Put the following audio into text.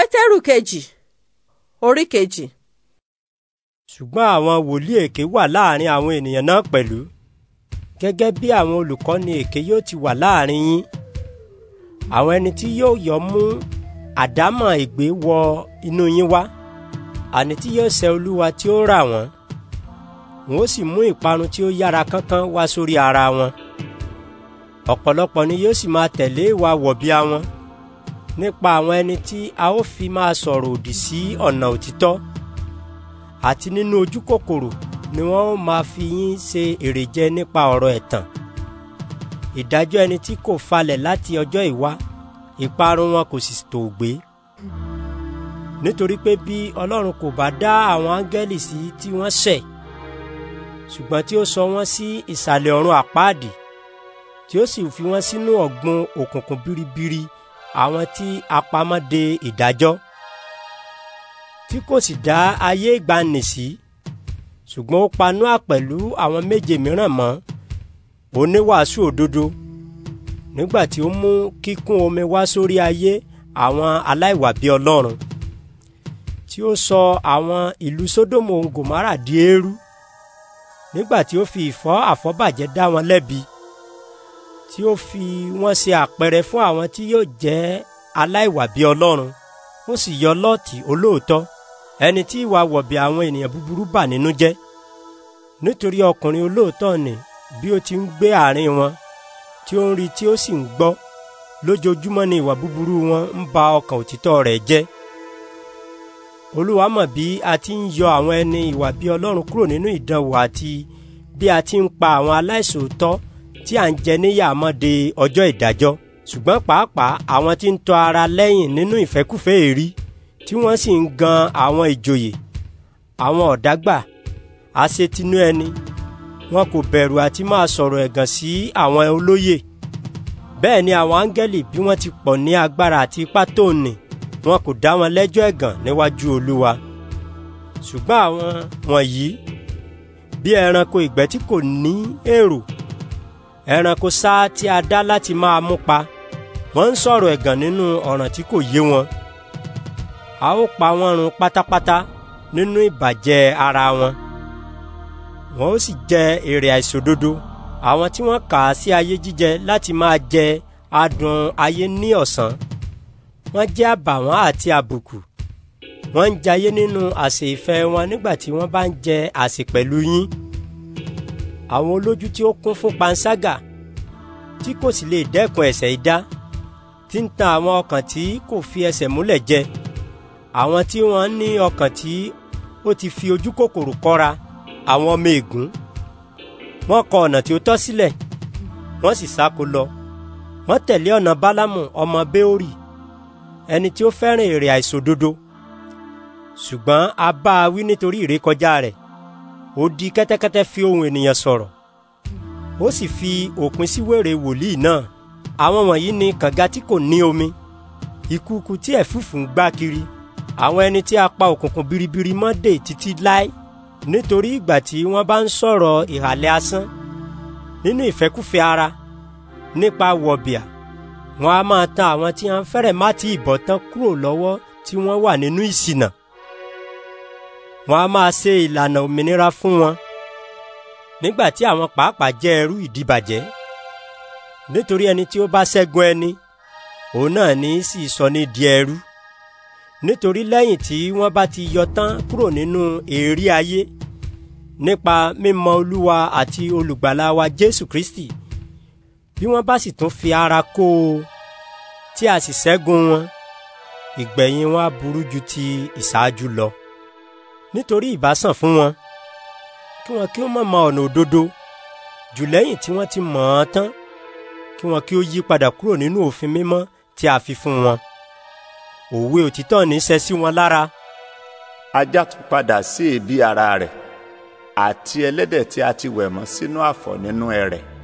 pétérù kejì orí kejì. ṣùgbọ́n àwọn wòlíì èké wà láàrin àwọn ènìyàn náà pẹ̀lú gẹ́gẹ́ bí àwọn olùkọ́ni èké yóò ti wà láàrin yín àwọn ẹni tí yóò yọ mú àdámọ̀ ègbé wọ inú yín wá àní tí yóò sẹ́ olúwa tí ó rà wọ́n wọn ó sì mú ìparun tí ó yára kánkán wá sórí ara wọn ọ̀pọ̀lọpọ̀ ni yóò sì máa tẹ̀lé ìwà wọ̀bìà wọn nípa àwọn ẹni tí a ó fi máa sọ̀rọ̀ òdì sí ọ̀nà òtítọ́ àti nínú ojú kòkòrò ni wọ́n ó máa fi yín ṣe èrè jẹ nípa ọ̀rọ̀ ẹ̀tàn ìdájọ́ ẹni tí kò falẹ̀ láti ọjọ́ ìwá ìparun wọn kò sì tò gbé nítorí pé bí ọlọ́run kò bá dá àwọn áńgẹ́lì sí tí wọ́n ṣẹ̀ ṣùgbọ́n tí ó sọ wọ́n sí ìsàlẹ̀ ọ̀run àpáàdì tí ó sì fi wọ́n sínú ọ̀gbun òkùnkùn biribiri. Biri àwọn tí a pamọ́ de ìdájọ́ tí kò sì dá ayé ìgbani sí ṣùgbọ́n ó pa Nóà pẹ̀lú àwọn méje mìíràn mọ́ oníwàásù òdodo nígbà tí ó mú kíkún omi wá sórí ayé àwọn aláìwà bí Ọlọ́run tí ó sọ àwọn ìlú Sódómù Gòmárà di eérú nígbà tí ó fi ìfọ́ àfọ́bàjẹ́ dá wọn lẹ́bi tí ó fi wọ́n ṣe àpẹẹrẹ fún àwọn tí yóò jẹ́ aláìwà bí Ọlọ́run ó sì yọ Lọ́ọ̀tì olóòótọ́ ẹni tí ìwà wọ̀bì àwọn ènìyàn búburú bà nínú jẹ́ nítorí ọkùnrin olóòótọ́ ni bí ó ti ń gbé àárín wọn tí ó ń rí tí ó sì ń gbọ́ lójoojúmọ́ ni ìwà búburú wọn ń ba ọkàn òtítọ́ rẹ̀ jẹ́ Olúwa mọ̀ bí a ti ń yọ àwọn ẹni ìwà bí Ọlọ́run kúrò nínú ìdánwò àti bí a ti ń pa àwọn aláìṣòótọ́ tí à ń jẹ níyà mọ́ de ọjọ́ ìdájọ́ ṣùgbọ́n pàápàá àwọn tí ń tọ ara lẹ́yìn nínú ìfẹ́kúfẹ̀ẹ́ èrí tí wọ́n sì ń gan àwọn ìjòyè àwọn ọ̀dágbà àṣetinú ẹni wọn kò bẹ̀rù àti máa sọ̀rọ̀ ẹ̀gàn sí àwọn olóyè bẹ́ẹ̀ ni àwọn áńgẹ́lì bí wọ́n ti pọ̀ ní agbára àti ipá tó nì wọn kò dá wọn lẹ́jọ́ ẹ̀gàn níwájú olúwa ṣùgbọ́n àwọn wọ̀nyí bí ẹranko ìgbẹ́ tí kò ní èrò ẹranko sá tí a dá láti máa mú pa wọ́n ń sọ̀rọ̀ ẹ̀gàn nínú ọ̀ràn tí kò yé wọn a ó pa wọ́n run pátápátá nínú ìbàjẹ́ ara wọn wọn ó sì jẹ èrè àìṣòdodo àwọn tí wọ́n kà á sí ayé jíjẹ láti máa jẹ adùn ayé ní ọ̀sán wọ́n jẹ́ àbàwọ́n àti àbùkù wọ́n ń jayé nínú àsè ìfẹ́ wọn nígbà tí wọ́n bá ń jẹ àsè pẹ̀lú yín àwọn olójú tí ó kún fún panṣágà tí kò sì lè dẹ́kun ẹ̀ṣẹ̀ idá tí ń tan àwọn ọkàn tí kò fi ẹsẹ̀ múlẹ̀ jẹ àwọn tí wọ́n ní ọkàn tí ó ti fi ojú kòkòrò kọ́ra àwọn ọmọ ègún wọ́n kọ ọ̀nà tí ó tọ́ sílẹ̀ wọ́n sì sáko lọ wọ́n tẹ̀lé ọ̀nà bálámù ọmọ béórì ẹni tí ó fẹ́ràn èrè àìṣòdodo ṣùgbọ́n a bá a wí nítorí ìrékọjá rẹ̀ ó di kẹ́tẹ́kẹ́tẹ́ fi ohùn ènìyàn sọ̀rọ̀ ó sì fi òpin sí wèrè wòlíì náà àwọn wọ̀nyí ni kànga tí kò ní omi ìkùukùu tí ẹ̀fúùfù ń gbá kiri àwọn ẹni tí a pa òkùnkùn biribiri mọ́ dè títí láé nítorí ìgbà tí wọ́n bá ń sọ̀rọ̀ ìhàlẹ̀ asán nínú ìfẹ́kúfẹ́ ara nípa wọ̀bìà wọn a máa tan àwọn tí a fẹ́rẹ̀ má ti ìbọ̀tán kúrò lọ́wọ́ tí wọ́n wà nínú ìṣìnà wọ́n á máa ṣe ìlànà òmìnira fún wọn nígbà tí àwọn pàápàá jẹ́ ẹrú ìdíbàjẹ́ nítorí ẹni tí ó bá ṣẹ́gun ẹni òun náà ní í sì sọ ní di ẹrú nítorí lẹ́yìn tí wọ́n bá ti yọ tán kúrò nínú èérí ayé nípa mímọ̀ olúwa àti olùgbàlà wa jésù kristi bí wọ́n bá sì tún fi ara kó o tí a sì ṣẹ́gun wọn ìgbẹ̀yìn wọn á burú ju ti ìṣáájú lọ nítorí ìbásàn fún wọn kí wọn kí ó má mọ ọ̀nà òdodo jù lẹ́yìn tí wọ́n ti mọ̀ ọ́n tán kí wọn kí ó yí padà kúrò nínú òfin mímọ́ tí a fi fún wọn òwe òtítọ́ ní í ṣẹ sí wọn lára. ajá tún padà sí èébì ara rẹ̀ àti ẹlẹ́dẹ̀ tí a ti wẹ̀ mọ́ sínú àfọ̀ nínú ẹrẹ̀. E